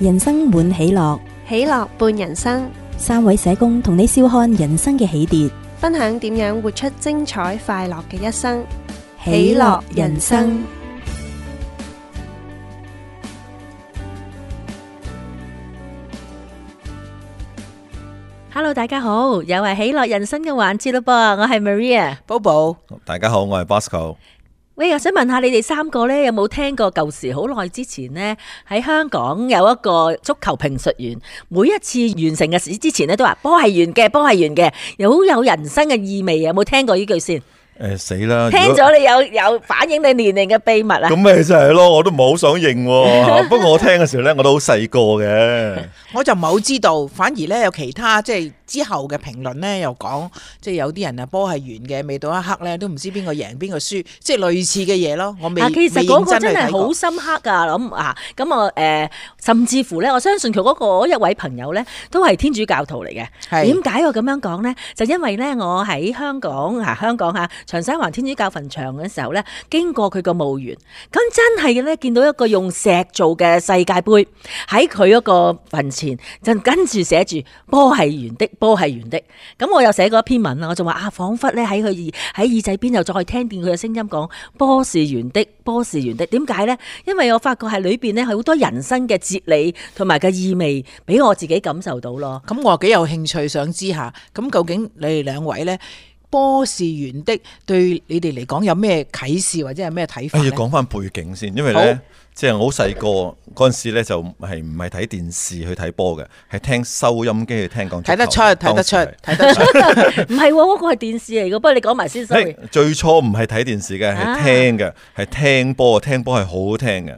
人生滿喜樂，喜樂伴人生。三位社工同你笑看人生嘅起跌，分享點樣活出精彩快樂嘅一生。喜樂人生，Hello，大家好，又係喜樂人生嘅環節咯噃，我係 Maria，Bobo，大家好，我係 Bosco。我想問下你哋三個呢，有冇聽過舊時好耐之前呢，喺香港有一個足球評述員，每一次完成嘅事之前呢，都話：波係圓嘅，波係圓嘅，又好有人生嘅意味，有冇聽過呢句先。誒，死啦！果聽咗你有有反映你年齡嘅秘密啦？咁咪就係咯，我都唔好想認。不過我聽嘅時候咧，我都好細個嘅。 我就唔係好知道，反而咧有其他即係之後嘅評論咧，又講即係有啲人啊，波係圓嘅，未到一刻咧都唔知邊個贏邊個輸，即係類似嘅嘢咯。我未其實嗰個真係好深刻噶，諗啊，咁我誒，甚至乎咧，我相信佢嗰個一位朋友咧，都係天主教徒嚟嘅。係點解我咁樣講咧？就因為咧，我喺香港啊，香港吓。長沙灣天主教墳場嘅時候咧，經過佢個墓園，咁真係嘅咧，見到一個用石做嘅世界盃喺佢嗰個墳前，就跟住寫住波係圓的，波係圓的。咁我又寫過一篇文啦，我就話啊，彷彿咧喺佢耳喺耳仔邊又再聽見佢嘅聲音講波是圓的，波是圓的。點解咧？因為我發覺係裏邊咧係好多人生嘅哲理同埋嘅意味俾我自己感受到咯。咁我幾有興趣想知下，咁究竟你哋兩位咧？波是圓的對你哋嚟講有咩啟示或者係咩睇法咧？要講翻背景先，因為呢。即係我好細個嗰陣時咧，就係唔係睇電視去睇波嘅，係聽收音機去聽講。睇得出，睇得出，睇得出，唔係嗰個係電視嚟嘅。不過你講埋先，最初唔係睇電視嘅，係聽嘅，係聽波啊，聽波係好好聽嘅。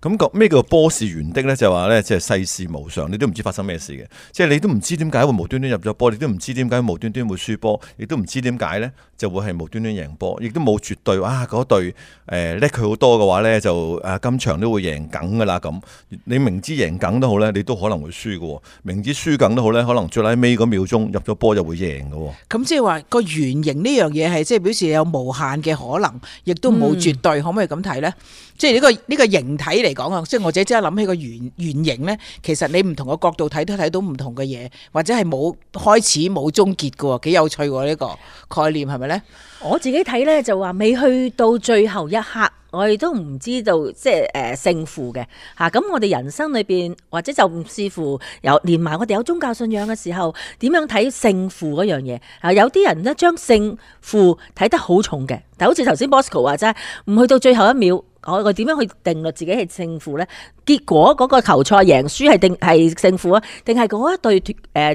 咁咁咩叫波是圓的咧？就話咧，即係世事無常，你都唔知發生咩事嘅。即係你都唔知點解會無端端入咗波，你都唔知點解無端端會輸波，亦都唔知點解咧就會係無端端贏波，亦都冇絕對啊！嗰隊誒叻佢好多嘅話咧、啊、就誒。咁場都會贏梗噶啦，咁你明知贏梗都好咧，你都可能會輸噶。明知輸梗都好咧，可能最 last 尾嗰秒鐘入咗波就會贏噶。咁、嗯、即係話個圓形呢樣嘢，係即係表示有無限嘅可能，亦都冇絕對，可唔可以咁睇呢？嗯、即係呢、這個呢、這個形體嚟講啊，即係我自己即刻諗起個圓圓形呢，其實你唔同個角度睇都睇到唔同嘅嘢，或者係冇開始冇終結噶，幾有趣喎呢、這個概念係咪呢？是是我自己睇呢，就話未去到最後一刻。我哋都唔知道即係誒、呃、勝負嘅吓，咁、啊、我哋人生裏邊或者就唔視乎有連埋我哋有宗教信仰嘅時候，點樣睇勝負嗰樣嘢？啊，有啲人咧將勝負睇得好重嘅，但好似頭先 Bosco 話齋，唔去到最後一秒。我個點樣去定律自己係勝負咧？結果嗰個球賽贏輸係定係勝負啊？定係嗰一隊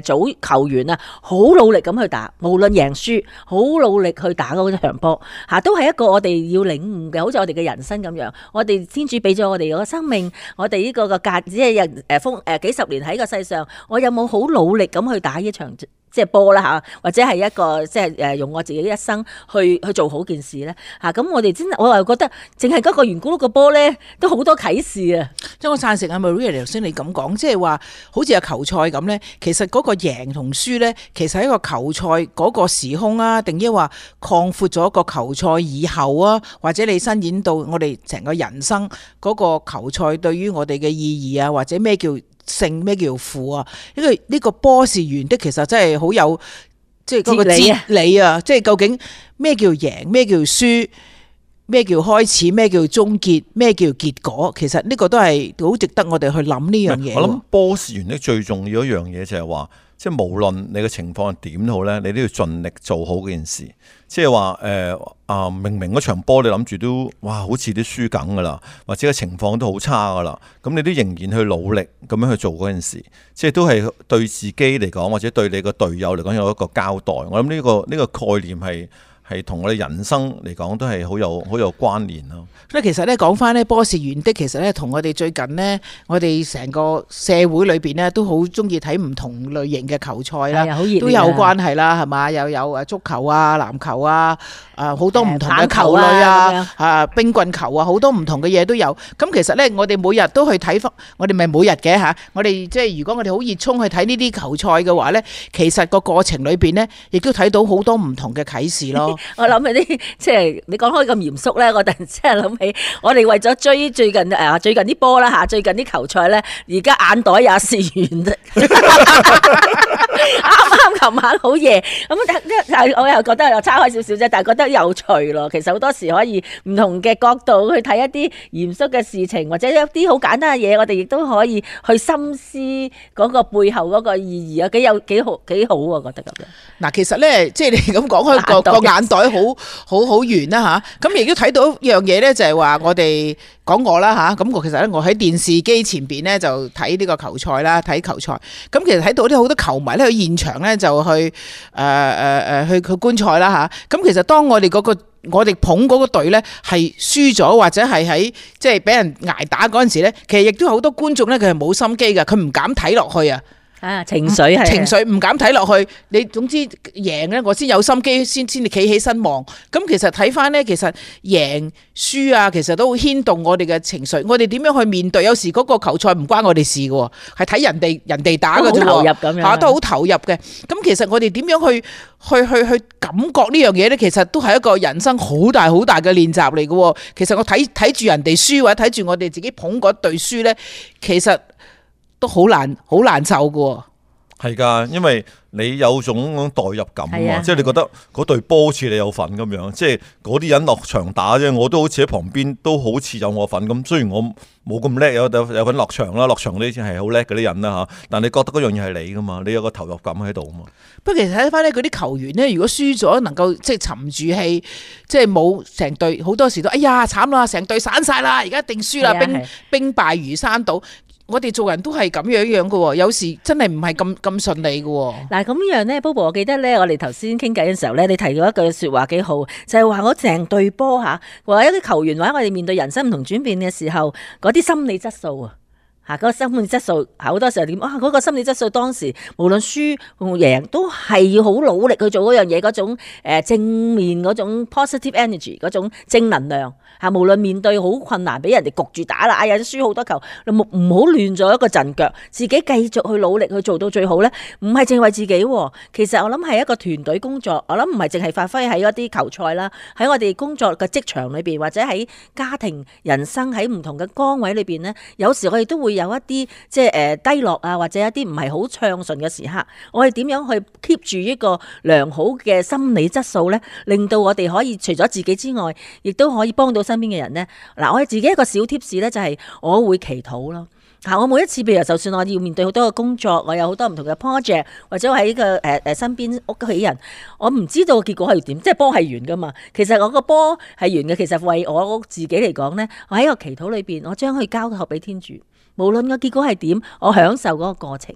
誒組球員啊，好努力咁去打，無論贏輸，好努力去打嗰場波吓，都係一個我哋要領悟嘅，好似我哋嘅人生咁樣。我哋天主俾咗我哋個生命，我哋呢個個格子，即係人誒誒幾十年喺個世上，我有冇好努力咁去打呢場？即係波啦嚇，或者係一個即係誒用我自己一生去去做好件事咧嚇，咁、啊、我哋真我又覺得，淨係嗰個圓咕碌個波咧，都好多啟示啊，我贊成啊 Maria，剛！即係我讚成阿 Maria 頭先你咁講，即係話好似個，個球賽咁咧，其實嗰個贏同輸咧，其實喺個球賽嗰個時空啊，定抑或擴闊咗一個球賽以後啊，或者你伸展到我哋成個人生嗰、嗰個球賽對於我哋嘅意義啊，或者咩叫？勝咩叫負啊？呢個呢個波係圓嘅其實真係好有，即係嗰個哲理啊！即係究竟咩叫贏，咩叫輸，咩叫開始，咩叫終結，咩叫結果？其實呢個都係好值得我哋去諗呢樣嘢。我諗波係圓嘅最重要一樣嘢就係話。即係無論你嘅情況係點都好咧，你都要盡力做好嗰件事。即係話誒啊，明明嗰場波你諗住都哇，好似啲輸緊噶啦，或者個情況都好差噶啦，咁你都仍然去努力咁樣去做嗰件事。即係都係對自己嚟講，或者對你個隊友嚟講有一個交代。我諗呢、呢個呢、呢個概念係。係同我哋人生嚟講都係好有好有關聯咯。咁其實咧，講翻咧，波是圓的，其實咧同我哋最近呢，我哋成個社會裏邊呢，都好中意睇唔同類型嘅球賽啦，都有關係啦，係嘛？又有誒足球啊、籃球啊、誒好多唔同嘅球類啊、誒、啊、冰棍球啊，好多唔同嘅嘢都有。咁其實咧，我哋每日都去睇翻，我哋咪每日嘅嚇。我哋即係如果我哋好熱衷去睇呢啲球賽嘅話咧，其實個過程裏邊呢，亦都睇到好多唔同嘅啟示咯。 我諗起啲即係你講開咁嚴肅咧，我突然之間諗起，我哋為咗追最近誒最近啲波啦吓，最近啲球賽咧，而家眼袋也是圓的。 今琴晚好夜，咁但係我又覺得又差開少少啫，但係覺得有趣咯。其實好多時可以唔同嘅角度去睇一啲嚴肅嘅事情，或者一啲好簡單嘅嘢，我哋亦都可以去深思嗰個背後嗰個意義啊！幾有幾好幾好我啊！覺得咁樣。嗱、啊，其實咧，即係你咁講開個眼袋好好好圓啦嚇，咁亦都睇到一樣嘢咧，就係話我哋講我啦嚇，咁我其實咧，我喺電視機前邊咧就睇呢個球賽啦，睇球賽。咁其實睇到啲好多球迷咧去現場咧。就去誒誒誒去去觀賽啦吓，咁、啊、其實當我哋、嗰個我哋捧個隊咧係輸咗，或者係喺即係俾人挨打陣時咧，其實亦都好多觀眾咧佢係冇心機嘅，佢唔敢睇落去啊。啊，情緒係情緒，唔敢睇落去。你總之贏咧，我先有心機，先先至企起身望。咁其實睇返咧，其實贏輸啊，其實都牽動我哋嘅情緒。我哋點樣去面對？有時嗰個球賽唔關我哋事嘅喎，係睇人哋人哋打嘅啫投入咁樣，嚇、啊、都好投入嘅。咁其實我哋點樣去去去去感覺呢樣嘢咧？其實都係一個人生好大好大嘅練習嚟嘅。其實我睇睇住人哋輸或者睇住我哋自己捧嗰隊輸咧，其實。都好難，好難受噶。係噶，因為你有種代入感啊嘛，的即係你覺得嗰隊波似你有份咁樣，的即係嗰啲人落場打啫。我都好似喺旁邊，都好似有我份咁。雖然我冇咁叻，有有份落場啦，落場啲先係好叻嗰啲人啦吓。但你覺得嗰樣嘢係你噶嘛？你有個投入感喺度啊嘛。不過其實睇翻呢，嗰啲球員呢，如果輸咗，能夠即係沉住氣，即係冇成隊好多時都哎呀慘啦，成隊散晒啦，而家一定輸啦，兵兵的敗如山倒。的我哋做人都係咁樣樣嘅，有時真係唔係咁咁順利嘅。嗱，咁樣咧，Bobo，我記得咧，我哋頭先傾偈嘅時候咧，你提到一句說話幾好，就係話我成隊波吓，或一啲球員，或者我哋面對人生唔同轉變嘅時候，嗰啲心理質素啊。吓，個、啊嗰個心理質素，好多時候點啊？嗰、嗰個心理質素當時，無論輸贏，都係要好努力去做嗰樣嘢，嗰種、呃、正面嗰種 positive energy 嗰種正能量嚇、啊。無論面對好困難，俾人哋焗住打啦，哎呀，輸好多球，你唔好亂咗一個陣腳，自己繼續去努力去做到最好咧。唔係淨為自己，其實我諗係一個團隊工作，我諗唔係淨係發揮喺一啲球賽啦，喺我哋工作嘅職場裏邊，或者喺家庭、人生喺唔同嘅崗位裏邊咧，有時我哋都會，有一啲即係誒低落啊，或者一啲唔係好暢順嘅時刻，我係點樣去 keep 住一個良好嘅心理質素咧？令到我哋可以除咗自己之外，亦都可以幫到身邊嘅人咧。嗱，我自己一個小 tips 咧，就係我會祈禱咯。吓，我每一次，譬如就算我要面對好多嘅工作，我有好多唔同嘅 project，或者我喺個誒誒身邊屋企人，我唔知道嘅結果係點，即係波係圓噶嘛。其實我個波係圓嘅，其實為我自己嚟講咧，我喺個祈禱裏邊，我將佢交託俾天主。無論個結果係點，我享受嗰個過程，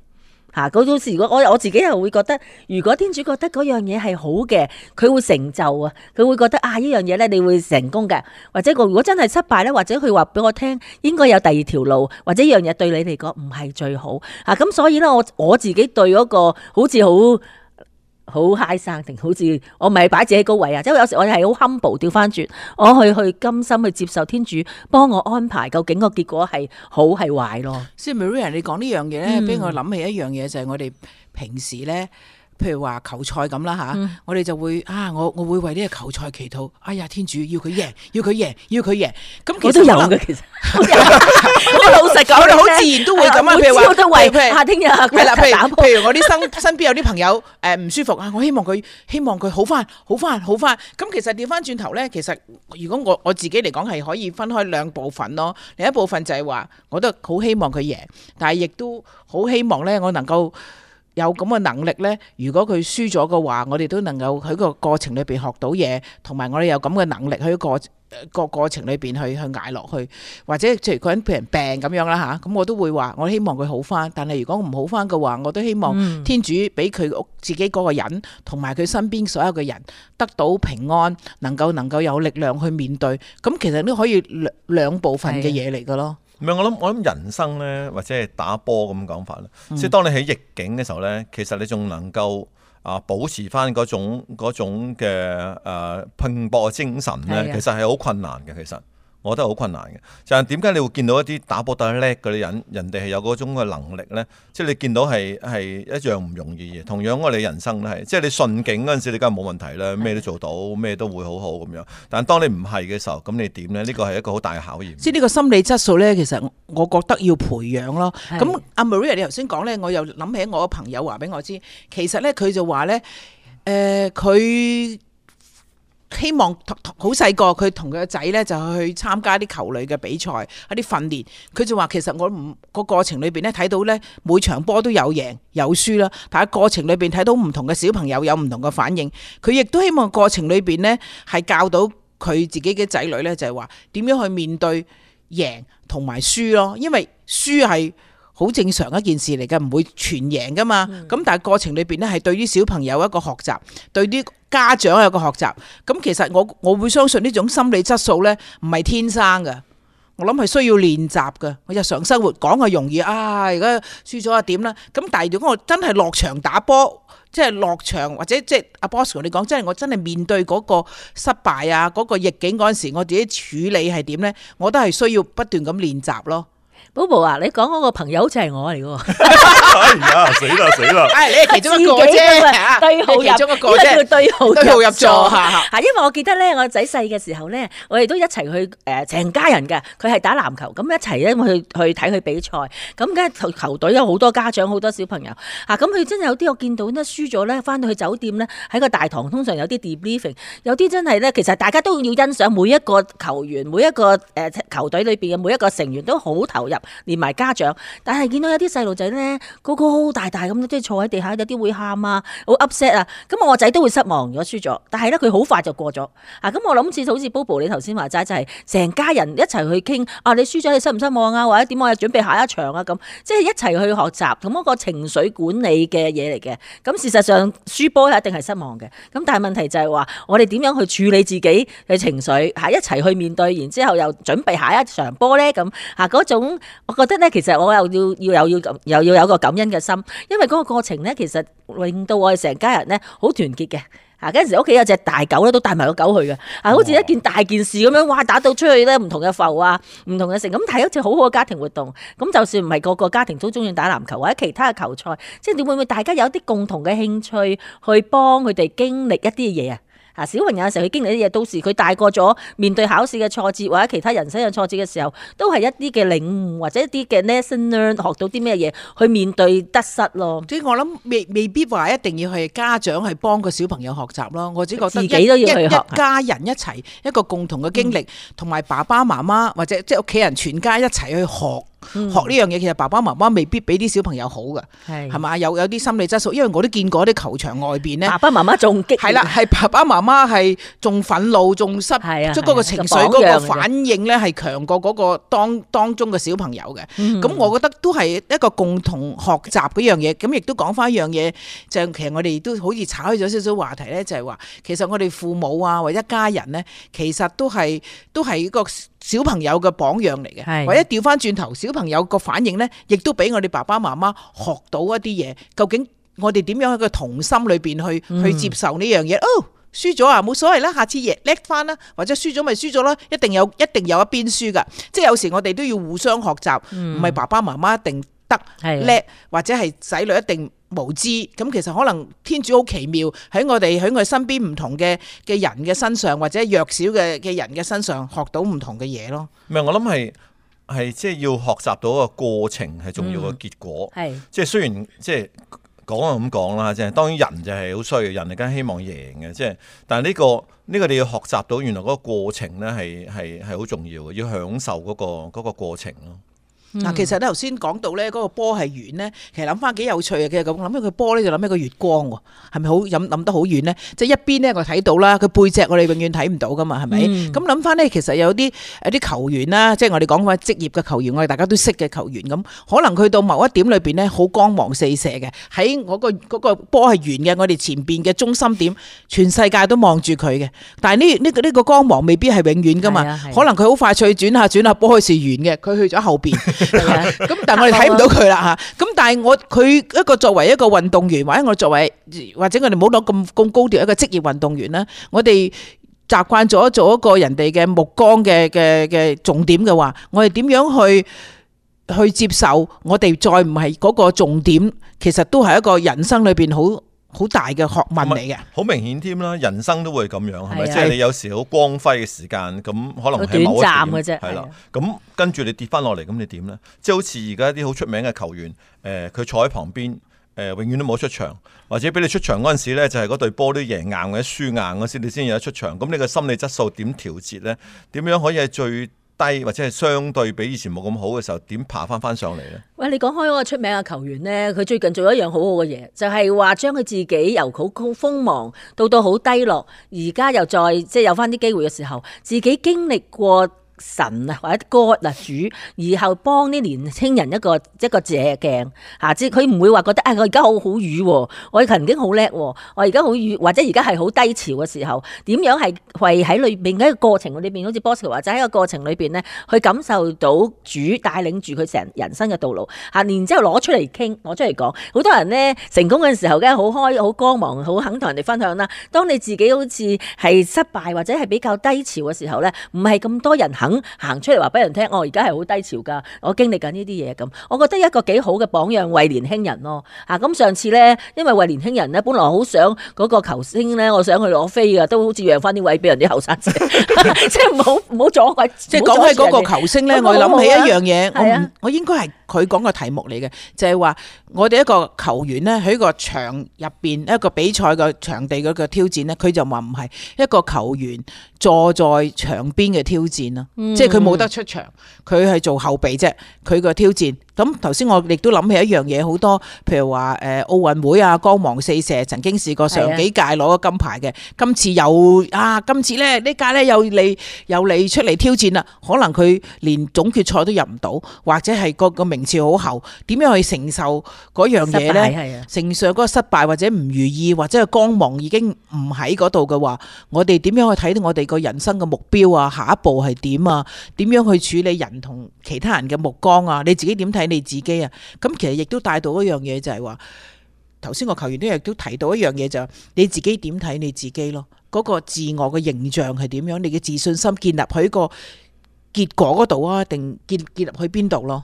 吓嗰陣時，我我我自己又會覺得，如果天主覺得嗰樣嘢係好嘅，佢會成就啊，佢會覺得啊呢樣嘢咧，你會成功嘅，或者個如果真係失敗咧，或者佢話俾我聽，應該有第二條路，或者呢樣嘢對你嚟講唔係最好啊，咁所以咧，我我自己對嗰個好似好。好嗨生定好似我咪擺自己高位啊！即係有時我哋係好 humble 掉翻轉，我去去甘心去接受天主幫我安排，究竟個結果係好係壞咯？即係 Maria 你講呢樣嘢咧，俾、嗯、我諗起一樣嘢就係、是、我哋平時咧。譬如話球賽咁啦吓，嗯、我哋就會啊，我我會為呢個球賽祈禱。哎呀，天主要佢贏，要佢贏，要佢贏。咁其實我都有嘅，其實。好 老實講，我哋好自然都會咁啊，譬如話，譬如下聽日譬如譬如我啲身身邊有啲朋友誒唔舒服啊，我希望佢希望佢好翻，好翻，好翻。咁其實調翻轉頭咧，其實如果我我自己嚟講係可以分開兩部分咯。另一部分就係話，我都好希望佢贏，但係亦都好希望咧，我能夠。有咁嘅能力呢，如果佢輸咗嘅話，我哋都能夠喺個過程裏邊學到嘢，同埋我哋有咁嘅能力喺個個過程裏邊去去捱落去，或者譬如嗰個人俾人病咁樣啦嚇，咁我都會話，我希望佢好翻。但係如果唔好翻嘅話，我都希望天主俾佢自己嗰個人同埋佢身邊所有嘅人得到平安，能夠能夠有力量去面對。咁其實都可以兩兩部分嘅嘢嚟嘅咯。唔係，我諗我諗人生咧，或者係打波咁講法啦。嗯、即係當你喺逆境嘅時候咧，其實你仲能夠啊保持翻嗰種嗰種嘅誒、呃、拼搏嘅精神咧，其實係好困難嘅其實。我覺得好困難嘅，但係點解你會見到一啲打波打叻嗰啲人，人哋係有嗰種嘅能力咧？即係你見到係係一樣唔容易嘅，同樣我哋人生都係，即係你順境嗰陣時，你梗係冇問題啦，咩都做到，咩都會好好咁樣。但係當你唔係嘅時候，咁你點咧？呢個係一個好大嘅考驗。即係呢個心理質素咧，其實我覺得要培養咯。咁阿 Maria 你頭先講咧，我又諗起我個朋友話俾我知，其實咧佢就話咧，誒、呃、佢。希望好細個佢同佢個仔呢，就去參加啲球類嘅比賽，一啲訓練。佢就話其實我唔個過程裏邊呢，睇到呢每場波都有贏有輸啦。但係過程裏邊睇到唔同嘅小朋友有唔同嘅反應。佢亦都希望過程裏邊呢係教到佢自己嘅仔女呢，就係話點樣去面對贏同埋輸咯。因為輸係。好正常一件事嚟嘅，唔會全贏噶嘛。咁但係過程裏邊呢，係對於小朋友一個學習，對於家長有一個學習。咁其實我我會相信呢種心理質素呢，唔係天生嘅。我諗係需要練習嘅。我日常生活講係容易啊，而家輸咗啊點啦。咁但係如果我真係落場打波，即係落場或者即係阿 Bosco 你講，即係我真係面對嗰個失敗啊嗰、嗰個逆境嗰陣時，我自己處理係點呢？我都係需要不斷咁練習咯。寶寶啊，你講嗰個朋友好似係我嚟噶喎，死啦死啦，哎！你係其中一個啫， 中個個對號入座吓吓吓。 因為我記得咧，我仔細嘅時候咧，我哋都一齊去誒，成、呃、家人噶，佢係打籃球，咁一齊咧去去睇佢比賽。咁梗係球球隊有好多家長，好多小朋友吓。咁、啊、佢真係有啲我見到咧輸咗咧，返到去酒店咧，喺個大堂通常有啲 debriefing，有啲真係咧，其實大家都要欣賞每一個球員，每一個誒球隊裏邊嘅每一個成員都好投入。入連埋家長，但係見到有啲細路仔咧，個個好大大咁，即係坐喺地下，有啲會喊啊，好 upset 啊。咁我個仔都會失望，如果輸咗，但係咧佢好快就過咗。啊，咁我諗似好似 Bobo 你頭先話齋，就係、係、成家人一齊去傾。啊，你輸咗你失唔失望啊？或者點啊？我準備下一場啊？咁即係一齊去學習，同嗰個情緒管理嘅嘢嚟嘅。咁事實上輸波一定係失望嘅。咁但係問題就係話，我哋點樣去處理自己嘅情緒？係一齊去面對，然之後又準備下一場波咧？咁啊嗰我覺得咧，其實我又要要有要又要有個感恩嘅心，因為嗰個過程咧，其實令到我哋成家人咧好團結嘅。啊，嗰陣時屋企有隻大狗咧，都帶埋個狗去嘅。啊，好似一件大件事咁樣，哇，打到出去咧，唔同嘅浮啊，唔同嘅成咁，係一次好好嘅家庭活動。咁就算唔係個個家庭都中意打籃球或者其他嘅球賽，即係你會唔會大家有啲共同嘅興趣去幫佢哋經歷一啲嘢啊？啊！小朋友嘅時候佢經歷啲嘢，到時佢大個咗面對考試嘅挫折或者其他人生嘅挫折嘅時候，都係一啲嘅領悟或者一啲嘅 lesson learn 學到啲咩嘢去面對得失咯。即係我諗未未必話一定要係家長去幫個小朋友學習咯，我只覺得自己都要去學，一家人一齊的一個共同嘅經歷，同埋爸爸媽媽或者即係屋企人全家一齊去學。嗯、學呢樣嘢，其實爸爸媽媽未必俾啲小朋友好嘅，係嘛是有有啲心理質素，因為我都見過啲球場外邊咧，爸爸媽媽仲激係啦，係爸爸媽媽係仲憤怒，仲失即嗰個情緒嗰個反應咧，係強過嗰個當當中嘅小朋友嘅。咁、嗯嗯、我覺得都係一個共同學習一樣嘢，咁亦都講翻一樣嘢，就係其實我哋都好似炒開咗少少話題咧，就係、是、話其實我哋父母啊或者家人咧，其實都係都係一個。小朋友嘅榜樣嚟嘅，的或者調翻轉頭，小朋友個反應呢，亦都俾我哋爸爸媽媽學到一啲嘢。究竟我哋點樣喺佢童心裏邊去去接受呢樣嘢？嗯、哦，輸咗啊，冇所謂啦，下次贏叻翻啦，或者輸咗咪輸咗啦，一定有一定有一邊輸㗎。即係有時我哋都要互相學習，唔係、嗯、爸爸媽媽一定得叻，的或者係仔女一定。無知咁，其實可能天主好奇妙喺我哋喺我哋身邊唔同嘅嘅人嘅身上，或者弱小嘅嘅人嘅身上，學到唔同嘅嘢咯。唔係、嗯、我諗係係即係要學習到個過程係重要嘅結果，係、嗯、即係雖然即係講就咁講啦，即係當然人就係好衰，嘅人梗希望贏嘅，即係但係、呢個、呢個呢、呢個你要學習到原來嗰個過程咧係係係好重要嘅，要享受嗰、嗰個嗰、嗰個、過程咯。嗱，其實咧頭先講到咧嗰個波係圓咧，其實諗翻幾有趣嘅咁，諗起佢波咧就諗起個月光喎，係咪好，諗得好遠咧？即係一邊咧我睇到啦，佢背脊我哋永遠睇唔到噶嘛，係咪？咁諗翻咧，其實有啲誒啲球員啦，即係我哋講翻職業嘅球員，我哋大家都識嘅球員咁，可能佢到某一點裏邊咧，好光芒四射嘅，喺我個嗰個波係圓嘅，我哋前邊嘅中心點，全世界都望住佢嘅。但係呢呢個呢個光芒未必係永遠噶嘛，可能佢好快脆轉下轉下，波又係圓嘅，佢去咗後邊。咁但係我哋睇唔到佢啦吓，咁但係我佢一個作為一個運動員，或者我作為或者我哋唔好攞咁咁高調一個職業運動員啦，我哋習慣咗做一個人哋嘅目光嘅嘅嘅重點嘅話，我哋點樣去去接受？我哋再唔係嗰個重點，其實都係一個人生裏邊好。好大嘅學問嚟嘅，好明顯添啦。人生都會咁樣，係咪？的即係你有時好光輝嘅時間，咁可能係某一站嘅啫。係啦，咁的的、嗯、跟住你跌翻落嚟，咁你點咧？即係好似而家啲好出名嘅球員，誒、呃，佢坐喺旁邊，誒、呃，永遠都冇出場，或者俾你出場嗰陣時咧，就係嗰隊波都贏硬或者輸硬嗰時，你先有得出場。咁你個心理質素點調節咧？點樣可以係最？低或者係相對比以前冇咁好嘅時候，點爬翻翻上嚟呢？喂，你講開嗰個出名嘅球員呢，佢最近做一樣好好嘅嘢，就係話將佢自己由好高鋒芒到到好低落，而家又再即係、就是、有翻啲機會嘅時候，自己經歷過。神啊，或者 God 啊，主，然後幫啲年青人一個一個借鏡嚇，即佢唔會話覺得，啊我而家好好語，我曾經好叻喎，我而家好語，或者而家係好低潮嘅時候，點樣係為喺裏邊嘅一個過程裏邊，好似 Boss，或者喺個過程裏邊呢，去感受到主帶領住佢成人生嘅道路嚇，然之後攞出嚟傾，攞出嚟講，好多人呢，成功嘅時候梗係，好開，好光芒，好肯同人哋分享啦。當你自己好似係失敗或者係比較低潮嘅時候咧，唔係咁多人肯行出嚟話俾人聽，哦，我而家係好低潮噶，我經歷緊呢啲嘢，咁我覺得一個幾好嘅榜樣為年輕人咯吓。咁、啊、上次咧，因為為年輕人咧，本來好想嗰個球星咧，我想去攞飛噶，都好似讓翻啲位俾人啲後生仔， 即係唔好唔好阻佢。 礙，即係講起嗰個球星咧，我諗起一樣嘢，我我應該係。佢講個題目嚟嘅就係話，我哋一個球員呢，喺個場入邊一個比賽嘅場地嗰個挑戰呢，佢就話唔係一個球員坐在場邊嘅挑戰啦，嗯、即係佢冇得出場，佢係做後備啫，佢個挑戰。咁頭先我亦都諗起一樣嘢，好多譬如話誒奧運會啊，光芒四射，曾經試過上幾屆攞咗金牌嘅，今次又啊，今次咧呢屆咧又嚟又嚟出嚟挑戰啊，可能佢連總決賽都入唔到，或者係個個名次好後，點樣去承受嗰樣嘢咧？係啊。承受嗰個失敗或者唔如意，或者係光芒已經唔喺嗰度嘅話，我哋點樣去睇到我哋個人生嘅目標啊？下一步係點啊？點樣去處理人同其他人嘅目光啊？你自己點睇？你自己啊，咁其實亦都帶到一樣嘢，就係話，頭先個球員都亦都提到一樣嘢，就是，就你自己點睇你自己咯。嗰，那個自我嘅形象係點樣，你嘅自信心建立喺個結果嗰度啊，定建建立去邊度咯？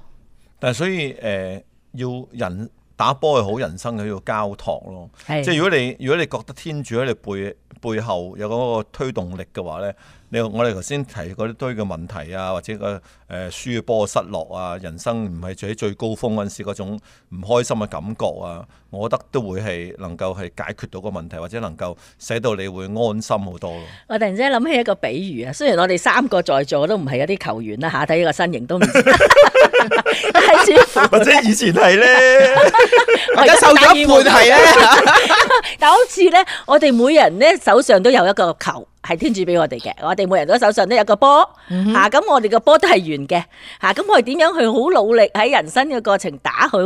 但係所以誒，呃，要人打波係好，人生嘅呢個交託咯，是的 即係如果你如果你覺得天主喺你背。背後有嗰個推動力嘅話呢，你我哋頭先提嗰堆嘅問題啊，或者個誒輸波失落啊，人生唔係在最高峰嗰陣時嗰種唔開心嘅感覺啊，我覺得都會係能夠係解決到個問題，或者能夠使到你會安心好多。我突然之間諗起一個比喻啊，雖然我哋三個在座都唔係一啲球員啦吓，睇呢個身形都唔。 或者以前係咧，而家收咗一半係咧。但好似咧，我哋每人咧手上都有一個球，係天主俾我哋嘅。我哋每人都手上都有個波，吓咁、mm hmm. 啊、我哋個波都係圓嘅。吓、啊、咁我哋點樣去好努力喺人生嘅過程打好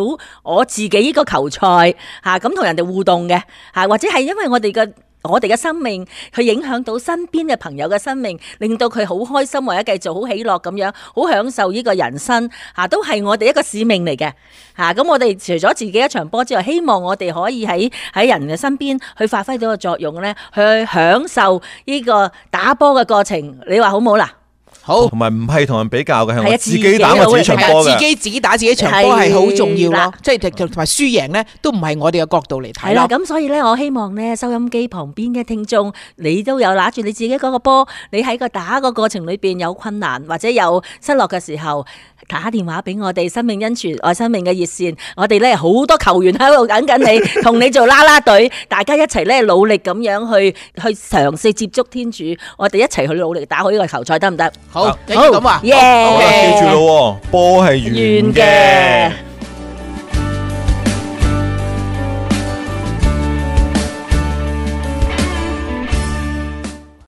我自己呢個球賽？吓咁同人哋互動嘅，吓、啊、或者係因為我哋嘅。我哋嘅生命，佢影響到身邊嘅朋友嘅生命，令到佢好開心或者繼續好喜樂咁樣，好享受呢個人生，嚇、啊、都係我哋一個使命嚟嘅，嚇、啊、咁我哋除咗自己一場波之外，希望我哋可以喺喺人嘅身邊去發揮到個作用咧，去享受呢個打波嘅過程，你話好唔好啦？好，同埋唔係同人比較嘅，係我自己打我自己場波、啊、自己自己打自己場波係好重要咯。啊、即係同埋輸贏咧，都唔係我哋嘅角度嚟睇。係啦、啊，咁所以咧，我希望咧收音機旁邊嘅聽眾，你都有拿住你自己嗰個波，你喺個打個過程裏邊有困難或者有失落嘅時候，打電話俾我哋生命恩泉愛生命嘅熱線，我哋咧好多球員喺度等緊你，同你做啦啦隊， 大家一齊咧努力咁樣去去嘗試接觸天主，我哋一齊去努力打好呢個球賽得唔得？行好，咁啊，好啦好 Yeah.，記住咯，波係圓嘅。